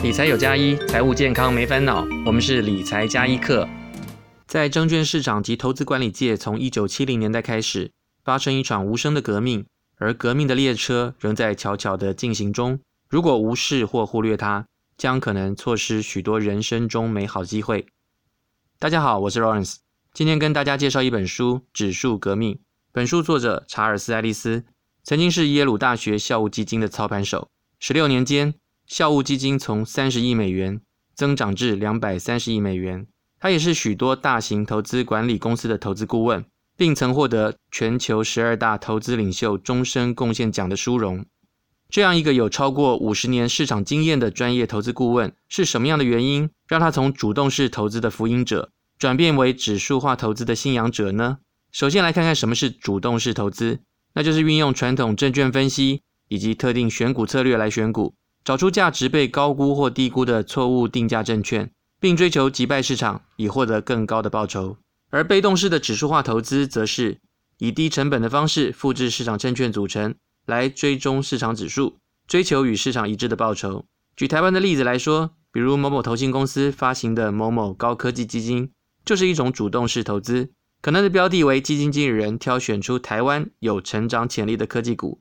理財有加一，財務健康沒煩惱。我們是理財加一課。在證券市場及投資管理界，從一九七零年代開始發生一場無聲的革命，而革命的列車仍在悄悄的進行中。如果無視或忽略它，將可能錯失許多人生中美好機會。大家好，我是 Lawrence，今天跟大家介紹一本書《指數革命》。本書作者查爾斯·艾利斯曾經是耶魯大學校務基金的操盤手，十六年間。校務基金從三十億美元增長至兩百三十億美元。他也是許多大型投資管理公司的投資顧問，並曾獲得全球十二大投資領袖終身貢獻獎的殊榮。這樣一個有超過五十年市場經驗的專業投資顧問，是什麼樣的原因讓他從主動式投資的福音者轉變為指數化投資的信仰者呢？首先，來看看什麼是主動式投資，那就是運用傳統證券分析以及特定選股策略來選股。找出價值被高估或低估的錯誤定價證券，並追求擊敗市場，以獲得更高的報酬。而被動式的指數化投資，則是以低成本的方式複製市場證券組成，來追蹤市場指數，追求與市場一致的報酬。舉台灣的例子來說，比如某某投信公司發行的某某高科技基金，就是一種主動式投資，可能的標的為基金經理人挑選出台灣有成長潛力的科技股。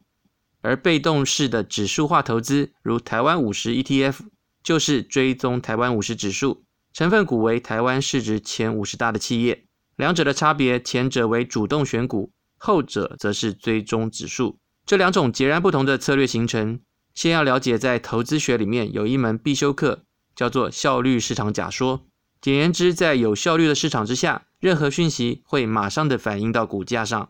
而被動式的指數化投資，如台灣五十 ETF，就是追蹤台灣五十指數，成分股為台灣市值前五十大的企業。兩者的差別，前者為主動選股，後者則是追蹤指數。這兩種截然不同的策略形成，先要了解，在投資學裡面有一門必修課，叫做效率市場假說。簡言之，在有效率的市場之下，任何訊息會馬上的反映到股價上。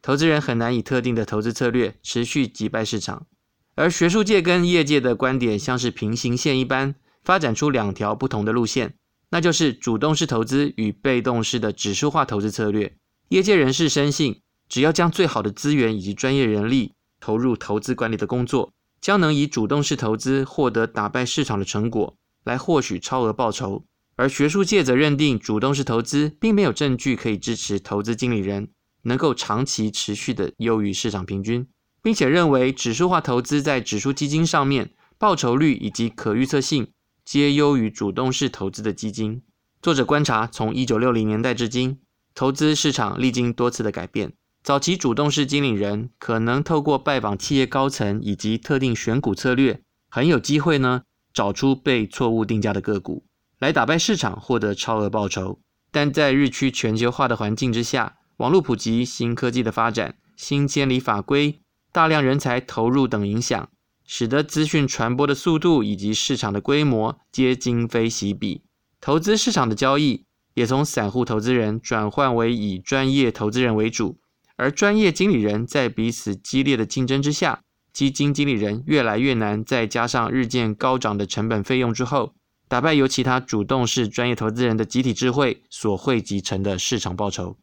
投資人很難以特定的投資策略持續擊敗市場，而學術界跟業界的觀點像是平行線一般，發展出兩條不同的路線，那就是主動式投資與被動式的指數化投資策略。業界人士深信，只要將最好的資源以及專業人力投入投資管理的工作，將能以主動式投資獲得打敗市場的成果，來獲取超額報酬。而學術界則認定，主動式投資並沒有證據可以支持投資經理人，能夠長期持續的優於市場平均，並且認為指數化投資在指數基金上面報酬率以及可預測性皆優於主動式投資的基金。作者觀察，從一九六零年代至今，投資市場歷經多次的改變。早期主動式經理人可能透過拜訪企業高層以及特定選股策略，很有機會呢找出被錯誤定價的個股，來打敗市場，獲得超額報酬。但在日趨全球化的環境之下，網絡普及、新科技的發展、新監理法規、大量人才投入等影響，使得資訊傳播的速度以及市場的規模皆今非昔比。投資市場的交易也從散戶投資人轉換為以專業投資人為主，而專業經理人在彼此激烈的競爭之下，基金經理人越來越難。再難再加上日漸高漲的成本費用之後，打敗由其他主動式專業投資人的集體智慧所匯集成的市場報酬。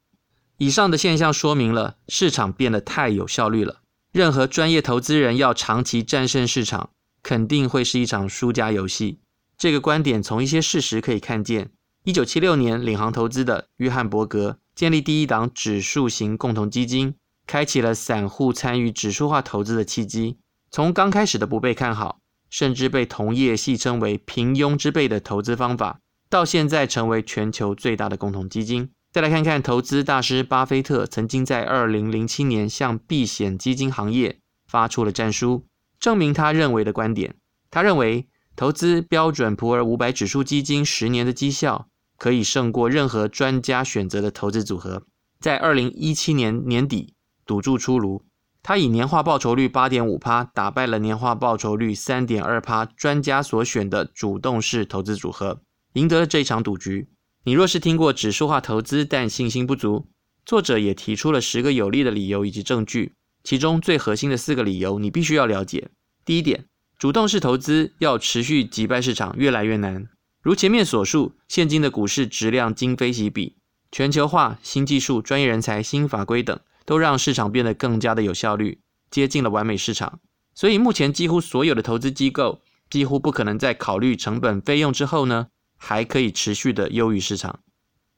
以上的現象說明了市場變得太有效率了。任何專業投資人要長期戰勝市場，肯定會是一場輸家遊戲。這個觀點從一些事實可以看見：一九七六年，領航投資的約翰·伯格建立第一檔指數型共同基金，開啟了散戶參與指數化投資的契機。從剛開始的不被看好，甚至被同業戲稱為平庸之輩的投資方法，到現在成為全球最大的共同基金。再來看看投資大師巴菲特曾經在二零零七年向避險基金行業發出了戰書，證明他認為的觀點。他認為，投資標準普爾五百指數基金十年的績效可以勝過任何專家選擇的投資組合。在二零一七年年底，賭注出爐，他以年化報酬率八點五趴打敗了年化報酬率三點二趴專家所選的主動式投資組合，贏得了這場賭局。你若是聽過指數化投資但信心不足，作者也提出了十個有力的理由以及證據，其中最核心的四個理由你必須要了解。第一點，主動式投資要持續擊敗市場越來越難。如前面所述，現今的股市質量今非昔比，全球化、新技術、專業人才、新法規等，都讓市場變得更加的有效率，接近了完美市場。所以目前幾乎所有的投資機構幾乎不可能在考慮成本費用之後呢。還可以持續地優於市場。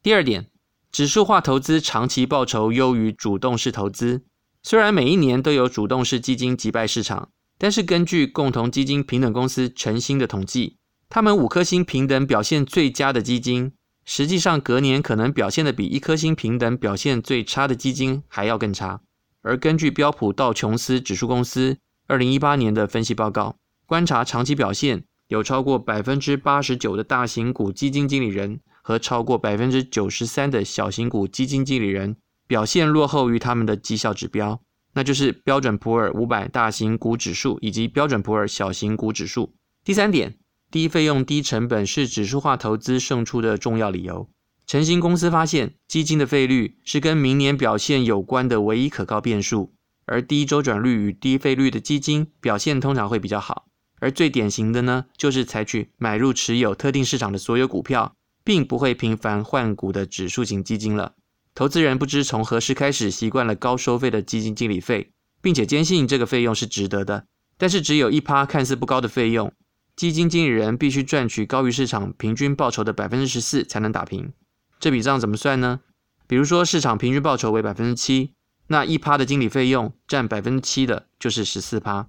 第二點，指數化投資長期報酬優於主動式投資。雖然每一年都有主動式基金擊敗市場，但是根據共同基金評等公司晨星的統計，他們五顆星評等表現最佳的基金，實際上隔年可能表現得比一顆星評等表現最差的基金還要更差。而根據標普道瓊斯指數公司二零一八年的分析報告，觀察長期表現。有超過百分之八十九的大型股基金經理人和超過百分之九十三的小型股基金經理人表現落後於他們的績效指標，那就是標準普爾五百大型股指數以及標準普爾小型股指數。第三點，低費用、低成本是指數化投資勝出的重要理由。晨星公司發現，基金的費率是跟明年表現有關的唯一可靠變數，而低周轉率與低費率的基金表現通常會比較好。而最典型的呢，就是採取買入持有特定市場的所有股票，並不會頻繁換股的指數型基金了。投資人不知從何時開始習慣了高收費的基金經理費，並且堅信這個費用是值得的。但是只有一趴看似不高的費用，基金經理人必須賺取高於市場平均報酬的百分之十四才能打平。這筆賬怎麼算呢？比如說市場平均報酬為百分之七，那一趴的經理費用佔百分之七的，就是十四趴。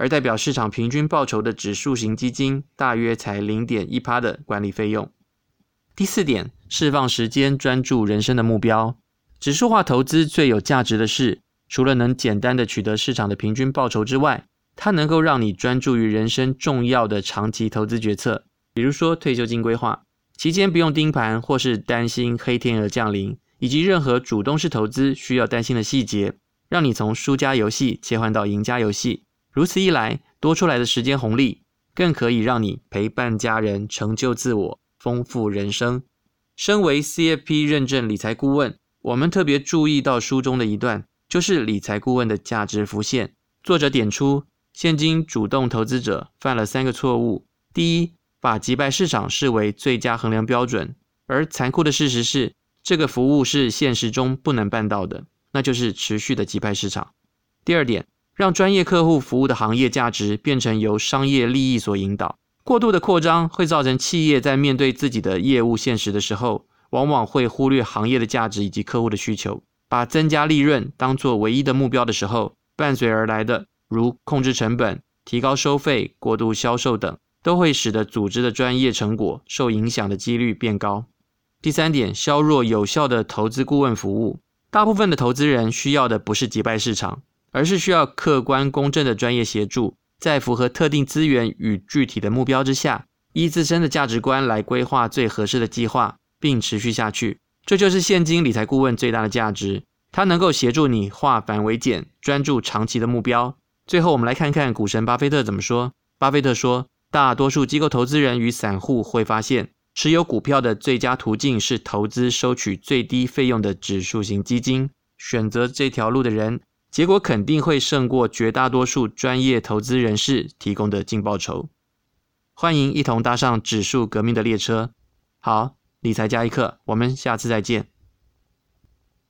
而代表市場平均報酬的指數型基金，大約才零點一趴的管理費用。第四點，釋放時間，專注人生的目標。指數化投資最有價值的是，除了能簡單的取得市場的平均報酬之外，它能夠讓你專注於人生重要的長期投資決策，比如說退休金規劃，期間不用盯盤或是擔心黑天鵝降臨，以及任何主動式投資需要擔心的細節，讓你從輸家遊戲切換到贏家遊戲。如此一來，多出來的時間紅利更可以讓你陪伴家人、成就自我、豐富人生。身為 CFP 認證理財顧問，我們特別注意到書中的一段，就是理財顧問的價值浮現。作者點出，現今主動投資者犯了三個錯誤：第一，把擊敗市場視為最佳衡量標準，而殘酷的事實是，這個服務是現實中不能辦到的，那就是持續的擊敗市場。第二點。讓專業客戶服務的行業價值變成由商業利益所引導。過度的擴張會造成企業在面對自己的業務現實的時候，往往會忽略行業的價值以及客戶的需求。把增加利潤當做唯一的目標的時候，伴隨而來的如控制成本、提高收費、過度銷售等，都會使得組織的專業成果受影響的幾率變高。第三點，削弱有效的投資顧問服務。大部分的投資人需要的不是擊敗市場。而是需要客觀公正的專業協助，在符合特定資源與具體的目標之下，依自身的價值觀來規劃最合適的計劃，並持續下去。這就是現今理財顧問最大的價值，它能夠協助你化繁為簡，專注長期的目標。最後，我們來看看股神巴菲特怎麼說。巴菲特說：“大多數機構投資人與散戶會發現，持有股票的最佳途徑是投資收取最低費用的指數型基金。選擇這條路的人。”結果肯定會勝過絕大多數專業投資人士提供的淨報酬。歡迎一同搭上指數革命的列車。好，理財加一課，我們下次再見。